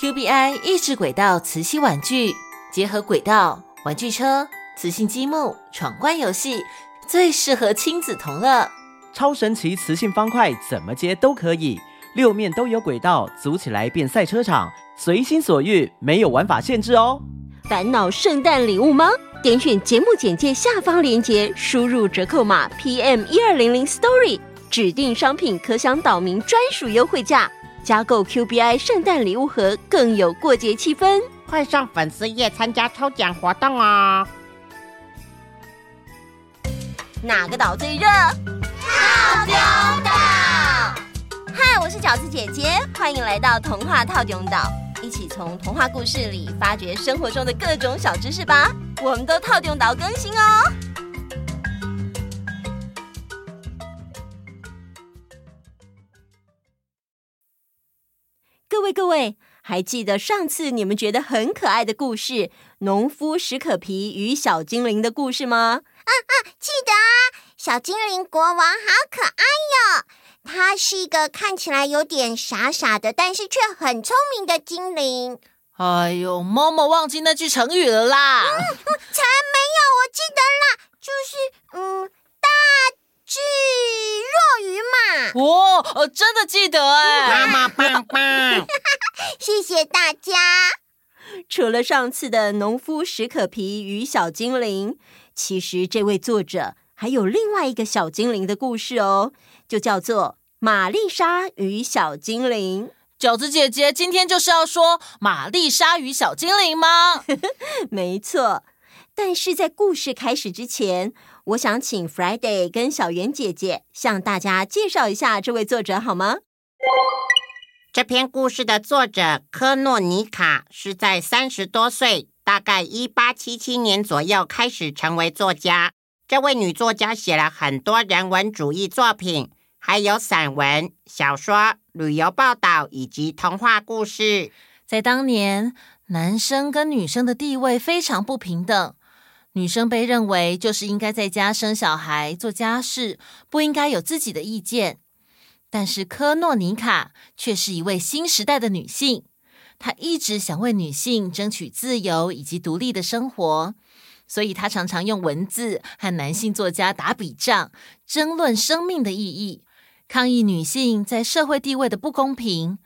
QBI 益智軌道磁吸玩具結合軌道玩具車、磁性積木、闖關遊戲，最適合親子同樂。超神奇磁性方塊怎麼接都可以，六面都有軌道，組起來變賽車場，隨心所欲，沒有玩法限制哦。煩惱聖誕禮物嗎？點選節目簡介下方鏈接，輸入折扣碼 P M 一二零零 Story 指定商品，可享島民專屬優惠價。加購 Qbi 聖誕禮物盒，更有過節氣氛，快上粉絲頁參加抽獎活動啊、哦！哪個島最熱？套頂島！嗨，我是餃子姐姐，歡迎來到童話套頂島，一起從童話故事裡發掘生活中的各種小知識吧！我們都套頂島更新哦。各位還記得上次你們覺得很可愛的故事《農夫史可皮與小精靈》的故事嗎？啊啊，記得啊！小精靈國王好可愛喲、哦，他是一個看起來有點傻傻的，但是卻很聰明的精靈。哎呦，媽媽忘記那句成語了啦！嗯，才沒有，我記得啦，就是嗯。巨若魚嘛？哦，真的記得哎！媽媽棒棒！ 謝謝大家。除了上次的農夫史可皮與小精靈，其實這位作者還有另外一個小精靈的故事哦，就叫做瑪莉莎與小精靈。餃子姐姐今天就是要說瑪莉莎與小精靈嗎？ 沒錯，但是在故事開始之前，我想請 Friday 跟小圓姐姐向大家介紹一下這位作者好嗎？這篇故事的作者科諾尼卡是在三十多歲，大概一八七七年左右開始成為作家。這位女作家寫了很多人文主義作品，還有散文、小說、旅遊報道以及童話故事。在當年，男生跟女生的地位非常不平等。女生被認為就是應該在家生小孩、做家事，不應該有自己的意見。但是科諾尼卡卻是一位新時代的女性，她一直想為女性爭取自由以及獨立的生活，所以她常常用文字和男性作家打筆仗，爭論生命的意義，抗議女性在社會地位的不公平。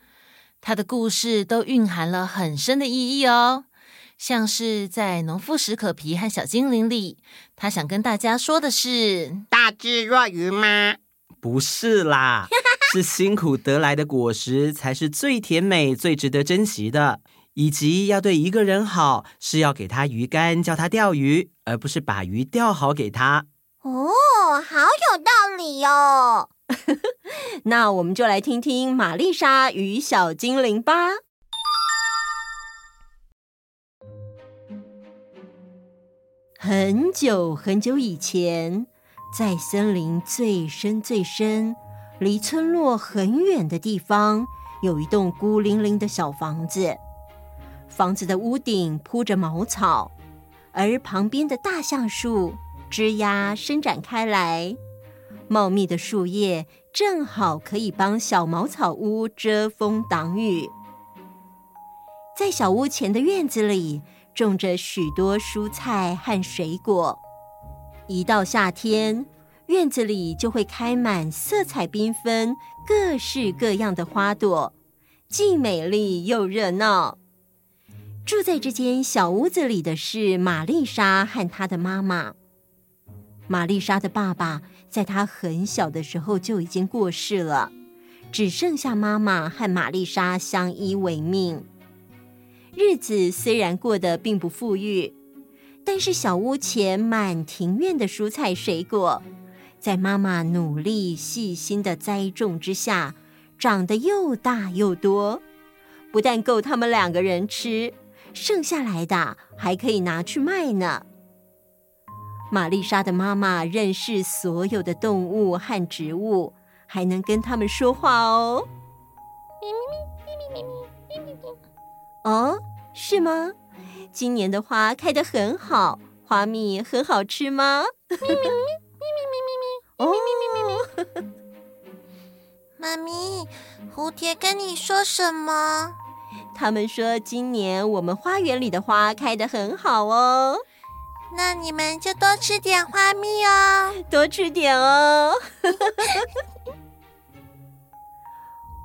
她的故事都蘊含了很深的意義哦。像是在《農夫食可皮》和《小精靈》裡，他想跟大家說的是“大智若愚”嗎？不是啦， 是辛苦得來的果實才是最甜美、最值得珍惜的，以及要對一個人好，是要給他魚竿，叫他釣魚，而不是把魚釣好給他。哦，好有道理喲、哦！ 那我們就來聽聽瑪莉莎與小精靈吧。很久很久以前，在森林最深最深、離村落很遠的地方，有一棟孤零零的小房子。房子的屋頂鋪着茅草，而旁邊的大橡樹枝丫伸展開來，茂密的樹葉正好可以幫小茅草屋遮風擋雨。在小屋前的院子裡，種着許多蔬菜和水果，一到夏天，院子裡就會開滿色彩繽紛、各式各樣的花朵，既美麗又熱鬧。住在這間小屋子裡的是瑪莉莎和她的媽媽。瑪莉莎的爸爸在她很小的時候就已經過世了，只剩下媽媽和瑪莉莎相依為命。日子雖然過得並不富裕，但是小屋前滿庭院的蔬菜水果，在媽媽努力細心的栽種之下，長得又大又多，不但夠他們兩個人吃，剩下來的還可以拿去賣呢。瑪麗莎的媽媽認識所有的動物和植物，還能跟他們說話哦。咪咪，咪咪，咪咪，咪咪咪。哦？是嗎？今年的花開得很好，花蜜很好吃嗎？咪咪咪咪咪咪咪咪，咪咪咪咪咪咪咪咪。媽咪，蝴蝶跟你說什麼？他們說今年我們花園裡的花開得很好哦。那你們就多吃點花蜜哦， 多吃點哦。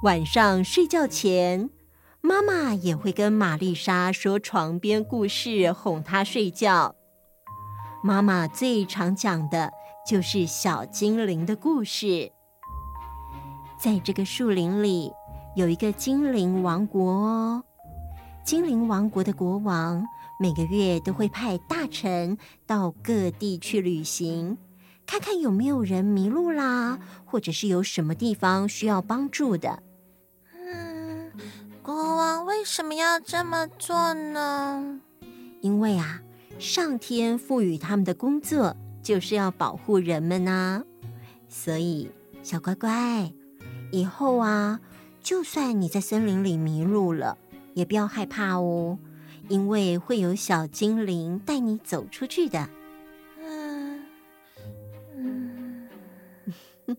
晚上睡覺前，媽媽也會跟瑪麗莎說床邊故事，哄她睡覺。媽媽最常講的就是小精靈的故事。在這個樹林裡，有一個精靈王國哦。精靈王國的國王每個月都會派大臣到各地去旅行，看看有沒有人迷路啦，或者是有什麼地方需要幫助的。為什麼要這麼做呢？因為啊，上天賦予他們的工作就是要保護人們啊。所以，小乖乖，以後啊，就算你在森林裡迷路了，也不要害怕哦，因為會有小精靈帶你走出去的。嗯嗯，嗯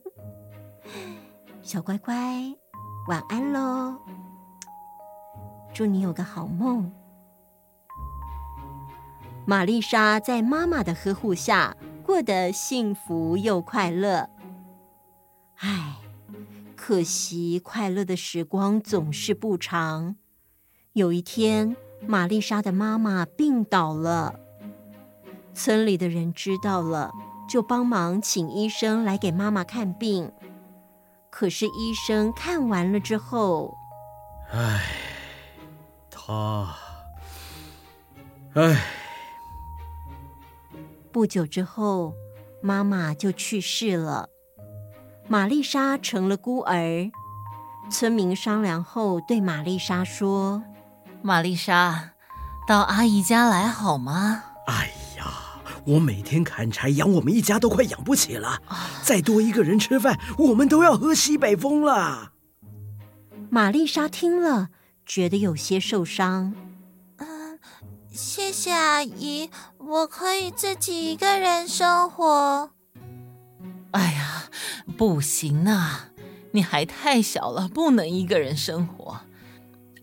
小乖乖，晚安嘍。祝你有個好夢。瑪莉莎在媽媽的呵護下過得幸福又快樂。唉，可惜快樂的時光總是不長。有一天，瑪莉莎的媽媽病倒了，村裡的人知道了，就幫忙請醫生來給媽媽看病。可是醫生看完了之後，唉。啊，哎。不久之後，媽媽就去世了，瑪麗莎成了孤兒。村民商量後，對瑪麗莎說：“瑪麗莎，到阿姨家來好嗎？”哎呀，我每天砍柴養我們一家，都快養不起了，啊，再多一個人吃飯，我們都要喝西北風了。瑪麗莎聽了。覺得有些受傷。嗯，謝謝阿姨，我可以自己一個人生活。哎呀，不行啊，你還太小了，不能一個人生活。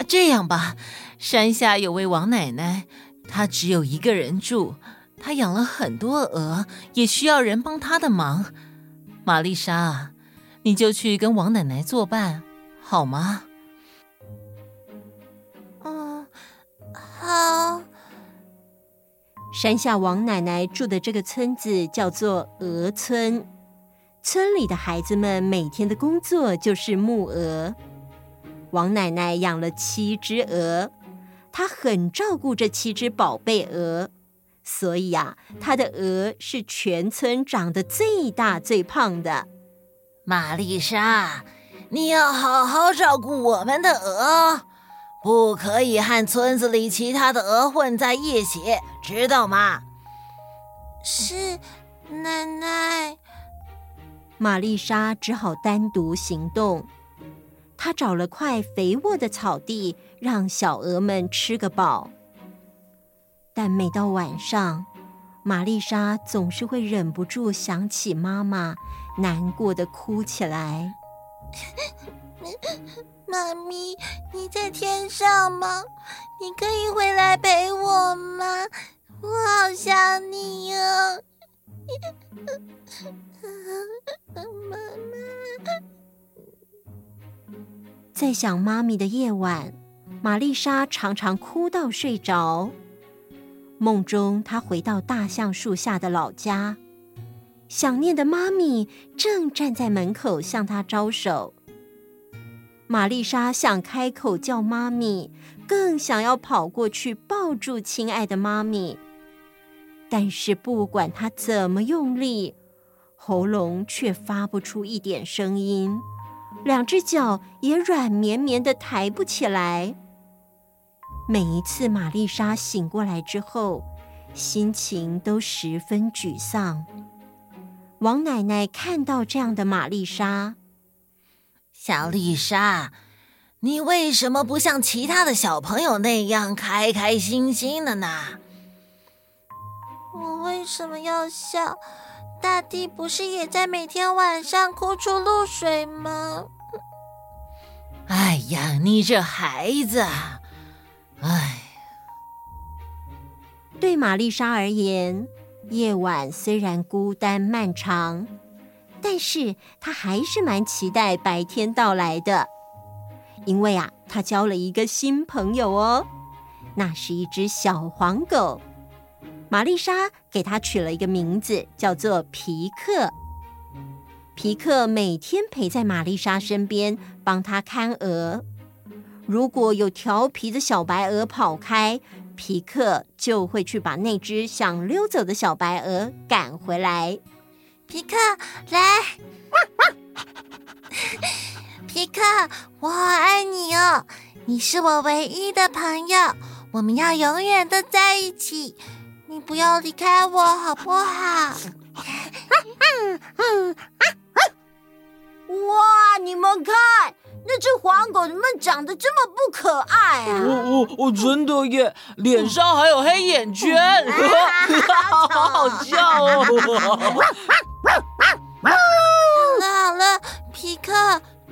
這樣吧，山下有位王奶奶，她只有一個人住，她養了很多鵝，也需要人幫她的忙。瑪莉莎，你就去跟王奶奶作伴，好嗎？山下王奶奶住的這個村子叫做鵝村，村裡的孩子們每天的工作就是牧鵝。王奶奶養了七隻鵝，她很照顧這七隻寶貝鵝，所以啊，她的鵝是全村長得最大最胖的。瑪麗莎，你要好好照顧我們的鵝。不可以和村子裡其他的鵝混在一起，知道嗎？是，奶奶。瑪麗莎只好單獨行動。她找了塊肥沃的草地，讓小鵝們吃個飽。但每到晚上，瑪麗莎總是會忍不住想起媽媽，難過的哭起來。 媽咪，你在天上嗎？你可以回來陪我嗎？我好想你呀、啊， 媽媽。在想媽咪的夜晚，瑪麗莎常常哭到睡着。夢中，她回到大橡樹下的老家，想念的媽咪正站在門口向她招手。瑪莉莎想開口叫媽咪，更想要跑過去抱住親愛的媽咪，但是不管她怎麼用力，喉嚨卻發不出一點聲音，兩只腳也軟綿綿的抬不起來。每一次瑪莉莎醒過來之後，心情都十分沮喪。王奶奶看到這樣的瑪莉莎。小莉莎，你為什麼不像其他的小朋友那樣開開心心的呢？我為什麼要笑？大地不是也在每天晚上哭出露水嗎？哎呀，你這孩子啊！哎，對瑪莉莎而言，夜晚雖然孤單漫長，但是他還是蠻期待白天到來的，因為啊，他交了一個新朋友哦，那是一隻小黃狗，瑪莉莎給它取了一個名字，叫做皮克。皮克每天陪在瑪莉莎身邊，幫她看鵝。如果有調皮的小白鵝跑開，皮克就會去把那隻想溜走的小白鵝趕回來。皮克，來！ 皮克，我好愛你哦，你是我唯一的朋友，我們要永遠的在一起，你不要離開我好不好？ 哇，你們看！那隻黃狗怎麼長得這麼不可愛啊？我，我，我真的耶，oh. 臉上還有黑眼圈，好 好笑哦！ 好了好了，皮克，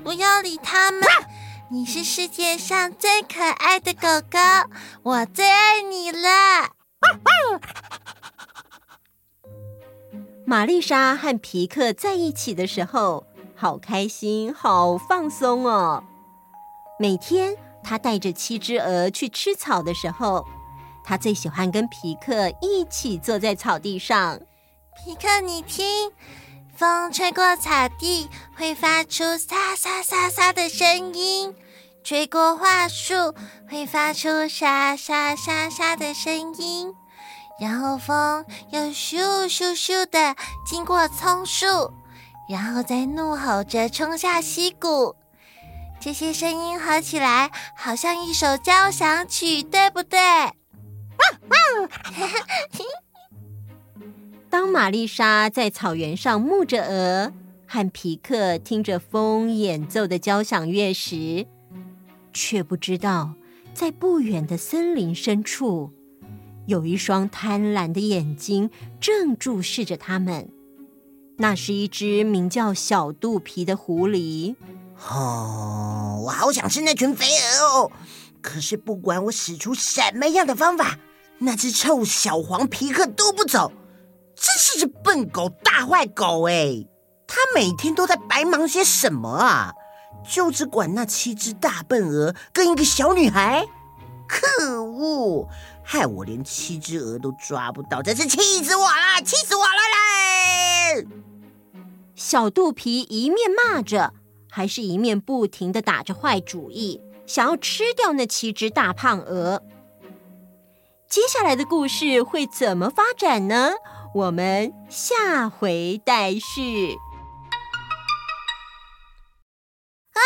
不要理他們， 你是世界上最可愛的狗狗，我最愛你了。 瑪莉莎和皮克在一起的時候，好開心，好放鬆哦！每天他帶着七隻鵝去吃草的時候，他最喜歡跟皮克一起坐在草地上。皮克，你聽，風吹過草地會發出沙沙沙沙的聲音，吹過樺樹會發出沙沙沙沙的聲音，然後風又咻咻咻的經過松樹。然後再怒吼着衝下溪谷，這些聲音合起來好像一首交響曲，對不對？ 當瑪麗莎在草原上牧着鵝，和皮克聽着風演奏的交響樂時，卻不知道在不遠的森林深處，有一雙貪婪的眼睛正注視着他們。那是一隻名叫小肚皮的狐狸。哦，oh, 我好想吃那群肥鵝哦！可是不管我使出什麼樣的方法，那隻臭小黃皮克都不走。真是隻笨狗，大壞狗哎！他每天都在白忙些什麼啊？就只管那七隻大笨鵝跟一個小女孩。可惡，害我連七隻鵝都抓不到，真是氣死我了！氣死我了啦！小肚皮一面罵着，還是一面不停的打着壞主意，想要吃掉那七隻大胖鵝。接下來的故事會怎麼發展呢？我們下回待續。啊，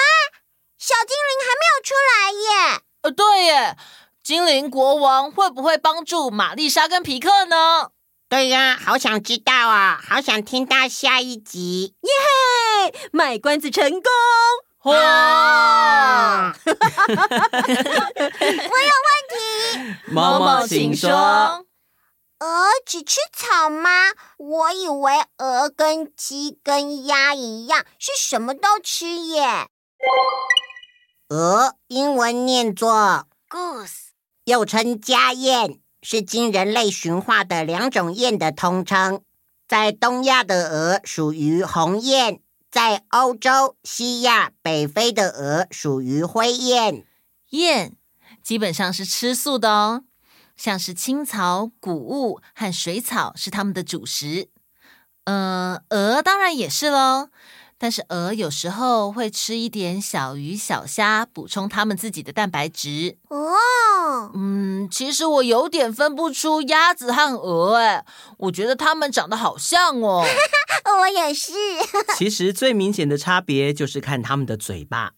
小精靈還沒有出來耶！呃，對耶，精靈國王會不會幫助瑪莉莎跟皮克呢？對呀、啊，好想知道啊，好想聽到下一集。耶嘿，賣關子成功。哇！我有問題。貓貓，請說。鵝只吃草嗎？我以為鵝跟雞跟鴨一樣，是什麼都吃耶。鵝英文念作 goose，又稱家雁。是經人類馴化的兩種雁的通稱。在東亞的鵝屬於鴻雁，在歐洲、西亞、北非的鵝屬於灰雁。雁基本上是吃素的哦，像是青草、穀物和水草是它們的主食。嗯、呃，鵝當然也是嘍，但是鵝有時候會吃一點小魚、小蝦，補充它們自己的蛋白質。哦。嗯，其實我有點分不出鴨子和鵝哎，我覺得它們長得好像哦。 我也是。其實最明顯的差別就是看它們的嘴巴，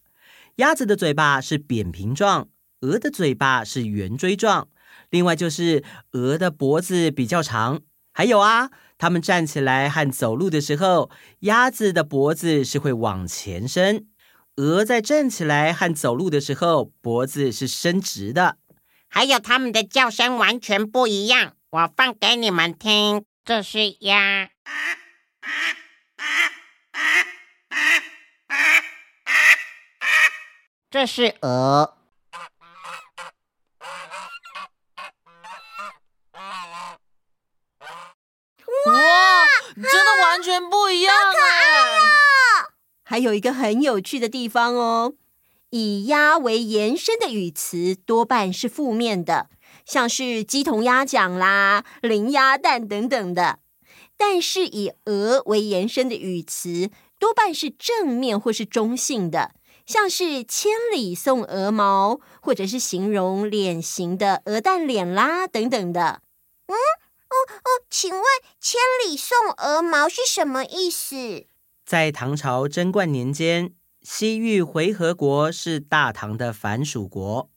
鴨子的嘴巴是扁平狀，鵝的嘴巴是圓錐狀。另外就是鵝的脖子比較長。還有啊，它們站起來和走路的時候，鴨子的脖子是會往前伸，鵝在站起來和走路的時候，脖子是伸直的。還有它們的叫聲完全不一樣，我放給你們聽。這是鴨，這是鵝。哇，哇真的完全不一樣啊！哦、還有一個很有趣的地方哦。以鴨為延伸的語詞多半是負面的，像是雞同鴨講啦、零鴨蛋等等的；但是以鵝為延伸的語詞多半是正面或是中性的，像是千里送鵝毛，或者是形容臉型的鵝蛋臉啦等等的。嗯，哦哦，請問千里送鵝毛是什麼意思？在唐朝貞觀年間，西域回紇國是大唐的藩屬國。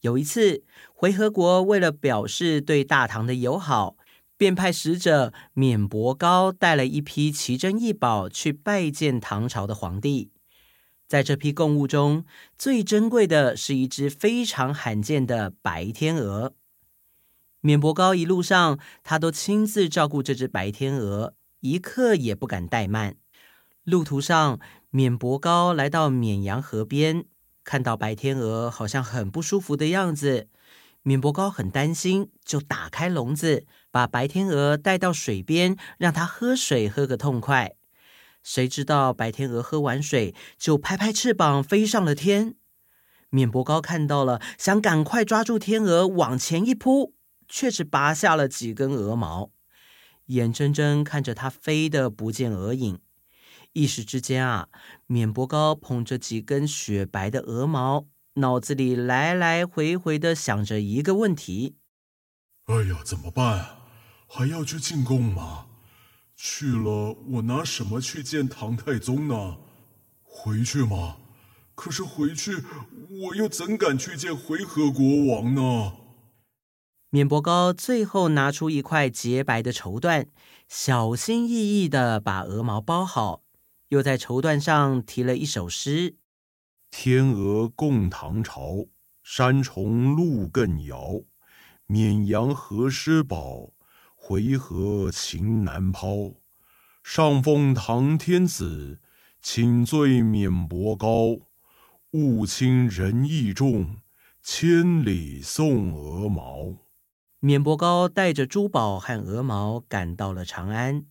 有一次，回紇國為了表示對大唐的友好，便派使者緬伯高帶了一批奇珍異寶去拜見唐朝的皇帝。在這批貢物中，最珍貴的是一隻非常罕見的白天鵝。緬伯高一路上，他都親自照顧這隻白天鵝，一刻也不敢怠慢。路途上，緬伯高來到沔陽河邊，看到白天鵝好像很不舒服的樣子，緬伯高很擔心，就打開籠子，把白天鵝帶到水邊，讓它喝水，喝個痛快。誰知道白天鵝喝完水，就拍拍翅膀飛上了天。緬伯高看到了，想趕快抓住天鵝，往前一撲，卻只拔下了幾根鵝毛，眼睜睜看着它飛得不見鵝影。一時之間啊，緬伯高捧着幾根雪白的鵝毛，腦子裡來來回回的想着一個問題：哎呀，怎麼辦？還要去進貢嗎？去了，我拿什麼去見唐太宗呢？回去嗎？可是回去，我又怎敢去見回紇國王呢？緬伯高最後拿出一塊潔白的綢緞，小心翼翼的把鵝毛包好。又在綢緞上題了一首詩：“天鵝共唐朝，山重路更遙。緬陽何詩寶，回合情難拋。上奉唐天子，請罪緬伯高。物輕人意重，千里送鵝毛。”緬伯高帶着珠寶和鵝毛趕到了長安。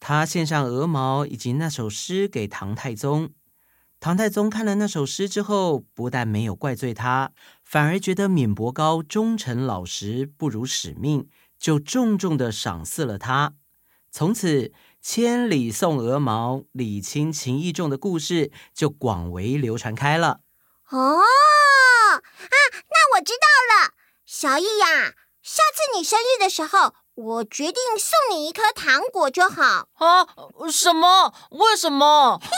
他獻上鵝毛以及那首詩給唐太宗，唐太宗看了那首詩之後，不但沒有怪罪他，反而覺得緬伯高忠誠老實，不辱使命，就重重的賞賜了他。從此，千里送鵝毛，禮輕情意重的故事就廣為流傳開了。哦，啊，那我知道了，小易呀，下次你生日的時候。我決定送你一顆糖果就好。啊，什麼？為什麼？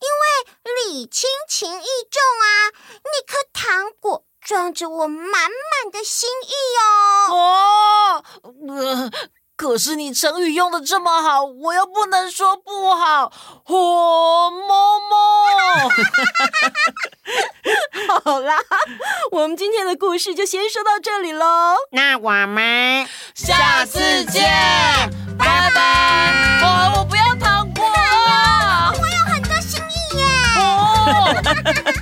因為禮輕情意重啊！那顆糖果裝着我滿滿的心意哦。哦呃可是你成語用的這麼好，我又不能說不好，火摸摸。貓貓 好啦，我們今天的故事就先說到這裡嘍，那我們下次見，拜拜。拜拜。哦，我不要糖果了，啊，我有很多心意耶。